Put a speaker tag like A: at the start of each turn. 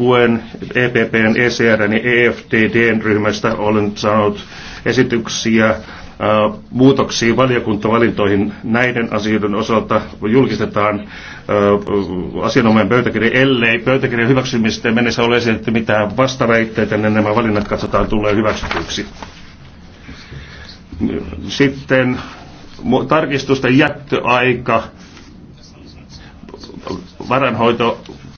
A: Kuen, EPPn, ECRn ja EFTDn ryhmästä olen saanut esityksiä äh, muutoksiin valiokuntavalintoihin näiden asioiden osalta julkistetaan äh, asianomainen pöytäkirja, ellei pöytäkirjan hyväksymistä mennessä ole esitetty mitään vastaväitteitä, niin nämä valinnat katsotaan tulee hyväksytyksi. Sitten tarkistusten jättöaika
B: varanhoito